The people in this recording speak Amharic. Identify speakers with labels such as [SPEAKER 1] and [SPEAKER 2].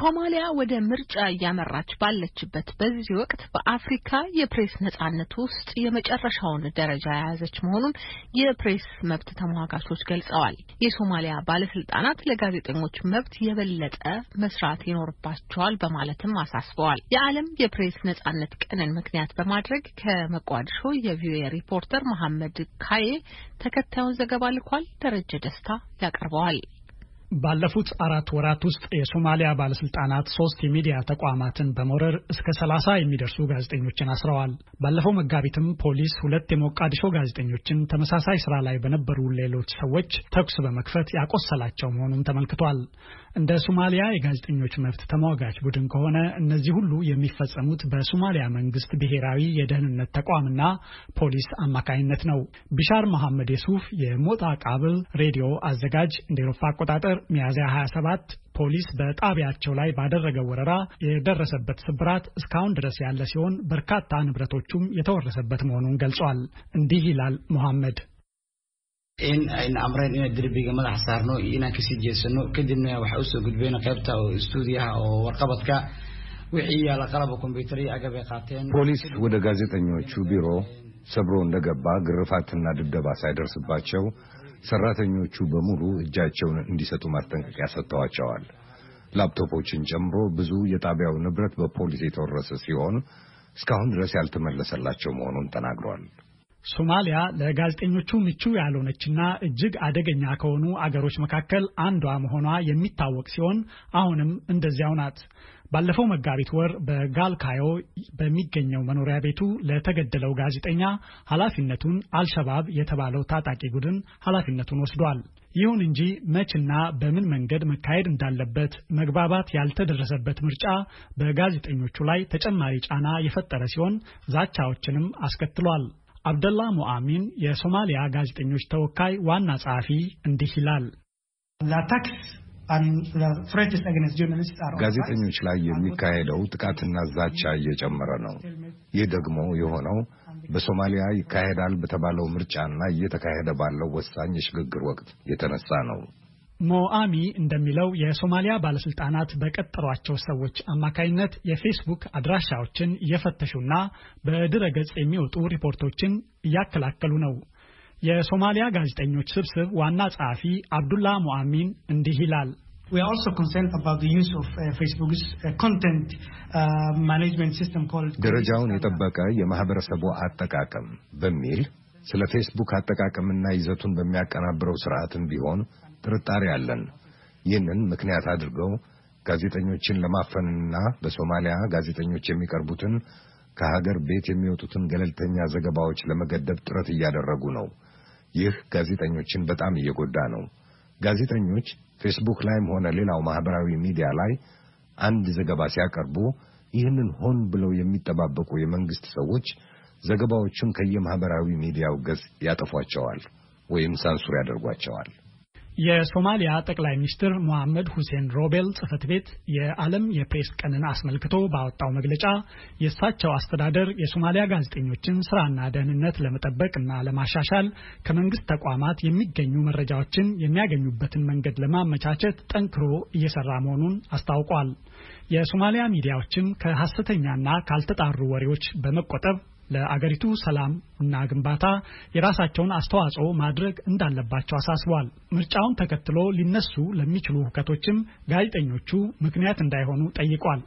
[SPEAKER 1] ሶማሊያ ወደ ምርጫ እያመራች ባለችበት በዚህ ወቅት በአፍሪካ የፕሬስ ነጻነት ውስጥ የመጨረሻውን ደረጃ የያዘች መሆኑን የፕሬስ መብት ተሟጋቾች ገልጸዋል። የሶማሊያ ባለስልጣናት ለጋዜጠኞች መብት የበለጠ መስራት ይኖርባቸዋል በማለትም አሳስበዋል። የዓለም የፕሬስ ነጻነት ቀንን ምክንያት በማድረግ ከመቋድሾ የቪኦኤ ሪፖርተር መሐመድ ካዬ ተከታዩን ዘገባ ልኳል። ደረጀ ደስታ ያቀርበዋል። ባለፉት አራት ወራት ውስጥ የሶማሊያ ባለስልጣናት ሶስት የሚዲያ ተቋማትን በመውረር እስከ ሰላሳ የሚደርሱ ጋዜጠኞችን አስረዋል። ባለፈው መጋቢትም ፖሊስ ሁለት የሞቃዲሾ ጋዜጠኞችን ተመሳሳይ ስራ ላይ በነበሩ ሌሎች ሰዎች ተኩስ በመክፈት ያቆሰላቸው መሆኑን ተመልክቷል። እንደ ሶማሊያ የጋዜጠኞች መብት ተሟጋች ቡድን ከሆነ እነዚህ ሁሉ የሚፈጸሙት በሶማሊያ መንግስት ብሔራዊ የደህንነት ተቋምና ፖሊስ አማካኝነት ነው። ቢሻር መሐመድ የሱፍ የሞጣ ቃብል ሬዲዮ አዘጋጅ እንደ ኤሮፓ አቆጣጠር ሚያዝያ 27 ፖሊስ በጣቢያቸው ላይ ባደረገው ወረራ የደረሰበት ስብራት እስካሁን ድረስ ያለ ሲሆን በርካታ ንብረቶቹም የተወረሰበት መሆኑን ገልጿል። እንዲህ ይላል መሐመድ in ayn amreen inaan derbiga madax saarno iyo inaan kasii jeesano kadibna waxaa usoo gudbeen qaybta stuudiyaha oo warqabadka wixii yaala qalabka kombiyuutar iyo agabay qaateen ፖሊስ
[SPEAKER 2] ወደ ጋዜጠኞቹ ቢሮ ሰብሮ እንደገባ ግርፋትና ድብደባ ሳይደርስባቸው ሰራተኞቹ በሙሉ እጃቸውን እንዲሰጡ ማስጠንቀቂያ ሰጥተዋቸዋል። ላፕቶፖችን ጨምሮ ብዙ የጣቢያው ንብረት በፖሊስ የተወረሰ ሲሆን እስካሁን ድረስ ያልተመለሰላቸው መሆኑን ተናግሯል።
[SPEAKER 1] ሶማሊያ ለጋዜጠኞቹ ምቹ ያልሆነችና እጅግ አደገኛ ከሆኑ አገሮች መካከል አንዷ መሆኗ የሚታወቅ ሲሆን አሁንም እንደዚያው ናት። ባለፈው መጋቢት ወር በጋልካዮ በሚገኘው መኖሪያ ቤቱ ለተገደለው ጋዜጠኛ ኃላፊነቱን አልሸባብ የተባለው ታጣቂ ቡድን ኃላፊነቱን ወስዷል። ይሁን እንጂ መችና በምን መንገድ መካሄድ እንዳለበት መግባባት ያልተደረሰበት ምርጫ በጋዜጠኞቹ ላይ ተጨማሪ ጫና የፈጠረ ሲሆን ዛቻዎችንም አስከትሏል። አብደላ ሙአሚን የሶማሊያ ጋዜጠኞች ተወካይ ዋና ጸሐፊ እንዲህ ይላል። ጋዜጠኞች
[SPEAKER 2] ላይ የሚካሄደው ጥቃትና ዛቻ እየጨመረ ነው። ይህ ደግሞ የሆነው በሶማሊያ ይካሄዳል በተባለው ምርጫና እየተካሄደ ባለው ወሳኝ የሽግግር ወቅት የተነሳ ነው።
[SPEAKER 1] ሞአሚ እንደሚለው የሶማሊያ ባለስልጣናት በቀጠሯቸው ሰዎች አማካኝነት የፌስቡክ አድራሻዎችን እየፈተሹና በድረገጽ የሚወጡ ሪፖርቶችን እያከላከሉ ነው። የሶማሊያ ጋዜጠኞች ስብስብ ዋና ጸሐፊ አብዱላ ሞአሚን እንዲህ ይላል። We are also concerned about the use of uh, Facebook's uh, content uh, management system called ደረጃውን
[SPEAKER 2] የጠበቀ የማህበረሰቡ አጠቃቀም በሚል ስለ ፌስቡክ አጠቃቀምና ይዘቱን በሚያቀናብረው ስርዓትም ቢሆን ጥርጣሬ አለን። ይህንን ምክንያት አድርገው ጋዜጠኞችን ለማፈንና በሶማሊያ ጋዜጠኞች የሚቀርቡትን ከሀገር ቤት የሚወጡትን ገለልተኛ ዘገባዎች ለመገደብ ጥረት እያደረጉ ነው። ይህ ጋዜጠኞችን በጣም እየጎዳ ነው። ጋዜጠኞች ፌስቡክ ላይም ሆነ ሌላው ማህበራዊ ሚዲያ ላይ አንድ ዘገባ ሲያቀርቡ ይህንን ሆን ብለው የሚጠባበቁ የመንግስት ሰዎች ዘገባዎቹን ከየማህበራዊ ሚዲያው ገጽ ያጠፏቸዋል ወይም ሳንሱር ያደርጓቸዋል።
[SPEAKER 1] የሶማሊያ ጠቅላይ ሚኒስትር ሞሐመድ ሁሴን ሮቤል ጽህፈት ቤት የዓለም የፕሬስ ቀንን አስመልክቶ ባወጣው መግለጫ የእሳቸው አስተዳደር የሶማሊያ ጋዜጠኞችን ስራና ደህንነት ለመጠበቅ እና ለማሻሻል ከመንግስት ተቋማት የሚገኙ መረጃዎችን የሚያገኙበትን መንገድ ለማመቻቸት ጠንክሮ እየሰራ መሆኑን አስታውቋል። የሶማሊያ ሚዲያዎችም ከሐሰተኛና ካልተጣሩ ወሬዎች በመቆጠብ ለአገሪቱ ሰላም እና ግንባታ የራሳቸውን አስተዋጽኦ ማድረግ እንዳለባቸው አሳስቧል። ምርጫውን ተከትሎ ሊነሱ ለሚችሉ ሁከቶችም ጋዜጠኞቹ ምክንያት እንዳይሆኑ ጠይቋል።